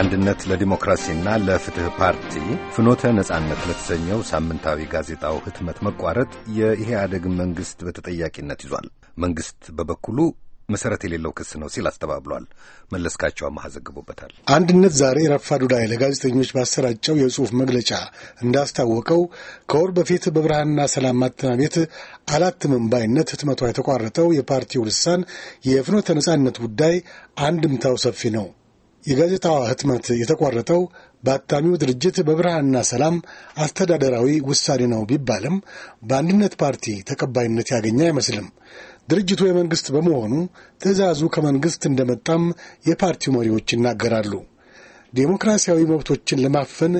አንድነት ለዲሞክራሲና ለፍትህ ፓርቲ ፍኖተ ነጻነት ለተሰኘው ሳምንታዊ ጋዜጣው ህትመት መቋረጥ የኢህአዴግን መንግስት በተጠያቂነት ይዟል። መንግስት በበኩሉ መሰረት የሌለው ክስ ነው ሲል አስተባብሏል። መለስካቸው አማሃ ዘግቦበታል። አንድነት ዛሬ ረፋዱ ላይ ለጋዜጠኞች ባሰራጨው የጽሑፍ መግለጫ እንዳስታወቀው ከወር በፊት በብርሃንና ሰላም ማተሚያ ቤት አላት ህትመቷ የተቋረጠው የፓርቲው ልሳን የፍኖተ ነጻነት ጉዳይ አንድምታው ሰፊ ነው። የጋዜጣዋ ህትመት የተቋረጠው በአታሚው ድርጅት በብርሃንና ሰላም አስተዳደራዊ ውሳኔ ነው ቢባልም በአንድነት ፓርቲ ተቀባይነት ያገኘ አይመስልም። ድርጅቱ የመንግሥት በመሆኑ ትዕዛዙ ከመንግሥት እንደመጣም የፓርቲው መሪዎች ይናገራሉ። ዴሞክራሲያዊ መብቶችን ለማፈን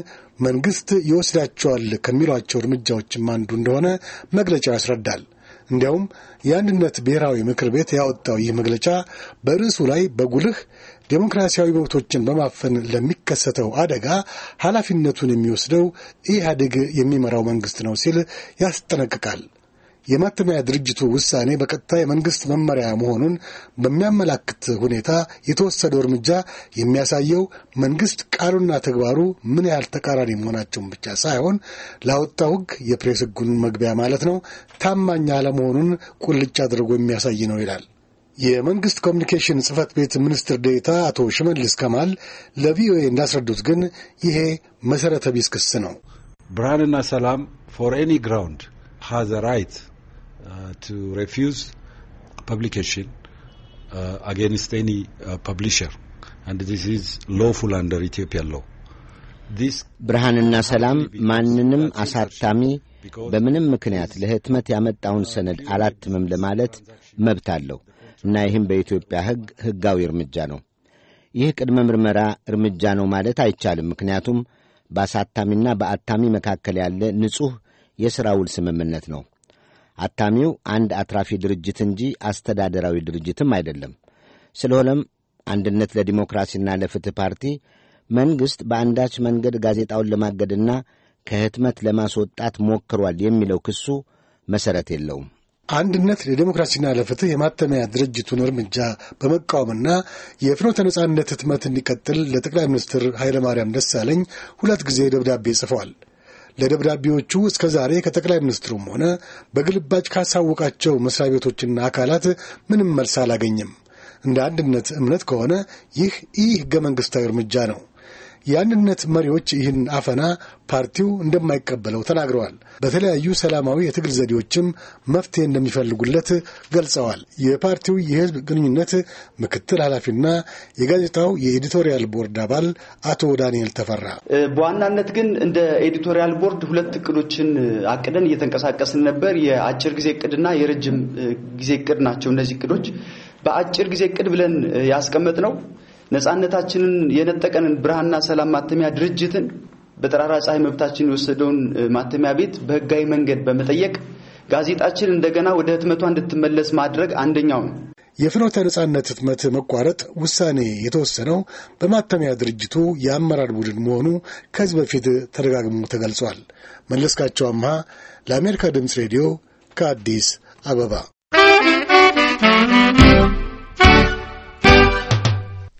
መንግሥት ይወስዳቸዋል ከሚሏቸው እርምጃዎችም አንዱ እንደሆነ መግለጫው ያስረዳል። እንዲያውም የአንድነት ብሔራዊ ምክር ቤት ያወጣው ይህ መግለጫ በርዕሱ ላይ በጉልህ ዴሞክራሲያዊ መብቶችን በማፈን ለሚከሰተው አደጋ ኃላፊነቱን የሚወስደው ኢህአዴግ የሚመራው መንግስት ነው ሲል ያስጠነቅቃል። የማተሚያ ድርጅቱ ውሳኔ በቀጥታ የመንግስት መመሪያ መሆኑን በሚያመላክት ሁኔታ የተወሰደው እርምጃ የሚያሳየው መንግስት ቃሉና ተግባሩ ምን ያህል ተቃራኒ መሆናቸውን ብቻ ሳይሆን ላወጣው ሕግ የፕሬስ ህጉን መግቢያ ማለት ነው ታማኝ አለመሆኑን ቁልጭ አድርጎ የሚያሳይ ነው ይላል። የመንግስት ኮሚኒኬሽን ጽህፈት ቤት ሚኒስትር ዴታ አቶ ሽመልስ ከማል ለቪኦኤ እንዳስረዱት ግን ይሄ መሰረተ ቢስ ክስ ነው። ብርሃንና ሰላም ፎር ኤኒ ግራውንድ ሃዝ ራይት Uh, to refuse publication uh, against any uh, publisher and this is lawful under Ethiopian law. ብርሃንና ሰላም ማንንም አሳታሚ በምንም ምክንያት ለህትመት ያመጣውን ሰነድ አላትምም ለማለት መብት አለው እና ይህም በኢትዮጵያ ሕግ ሕጋዊ እርምጃ ነው። ይህ ቅድመ ምርመራ እርምጃ ነው ማለት አይቻልም። ምክንያቱም በአሳታሚና በአታሚ መካከል ያለ ንጹሕ የሥራ ውል ስምምነት ነው። አታሚው አንድ አትራፊ ድርጅት እንጂ አስተዳደራዊ ድርጅትም አይደለም። ስለሆነም አንድነት ለዲሞክራሲና ለፍትህ ፓርቲ መንግሥት በአንዳች መንገድ ጋዜጣውን ለማገድና ከህትመት ለማስወጣት ሞክሯል የሚለው ክሱ መሠረት የለውም። አንድነት ለዲሞክራሲና ለፍትህ የማተሚያ ድርጅቱን እርምጃ በመቃወምና የፍኖተ ነጻነት ህትመት እንዲቀጥል ለጠቅላይ ሚኒስትር ኃይለማርያም ደሳለኝ ሁለት ጊዜ ደብዳቤ ጽፈዋል። ለደብዳቤዎቹ እስከ ዛሬ ከጠቅላይ ሚኒስትሩም ሆነ በግልባጭ ካሳወቃቸው መስሪያ ቤቶችና አካላት ምንም መልስ አላገኝም እንደ አንድነት እምነት ከሆነ ይህ ኢ ህገ መንግስታዊ እርምጃ ነው። የአንድነት መሪዎች ይህን አፈና ፓርቲው እንደማይቀበለው ተናግረዋል። በተለያዩ ሰላማዊ የትግል ዘዴዎችም መፍትሄ እንደሚፈልጉለት ገልጸዋል። የፓርቲው የህዝብ ግንኙነት ምክትል ኃላፊና የጋዜጣው የኤዲቶሪያል ቦርድ አባል አቶ ዳንኤል ተፈራ በዋናነት ግን እንደ ኤዲቶሪያል ቦርድ ሁለት እቅዶችን አቅደን እየተንቀሳቀስን ነበር። የአጭር ጊዜ እቅድና የረጅም ጊዜ እቅድ ናቸው። እነዚህ እቅዶች በአጭር ጊዜ እቅድ ብለን ያስቀመጥ ነው ነፃነታችንን የነጠቀንን ብርሃንና ሰላም ማተሚያ ድርጅትን በጠራራ ፀሐይ መብታችን የወሰደውን ማተሚያ ቤት በህጋዊ መንገድ በመጠየቅ ጋዜጣችን እንደገና ወደ ህትመቷ እንድትመለስ ማድረግ አንደኛው ነው። የፍኖተ ነጻነት ህትመት መቋረጥ ውሳኔ የተወሰነው በማተሚያ ድርጅቱ የአመራር ቡድን መሆኑ ከዚህ በፊት ተደጋግሞ ተገልጿል። መለስካቸው አምሃ ለአሜሪካ ድምፅ ሬዲዮ ከአዲስ አበባ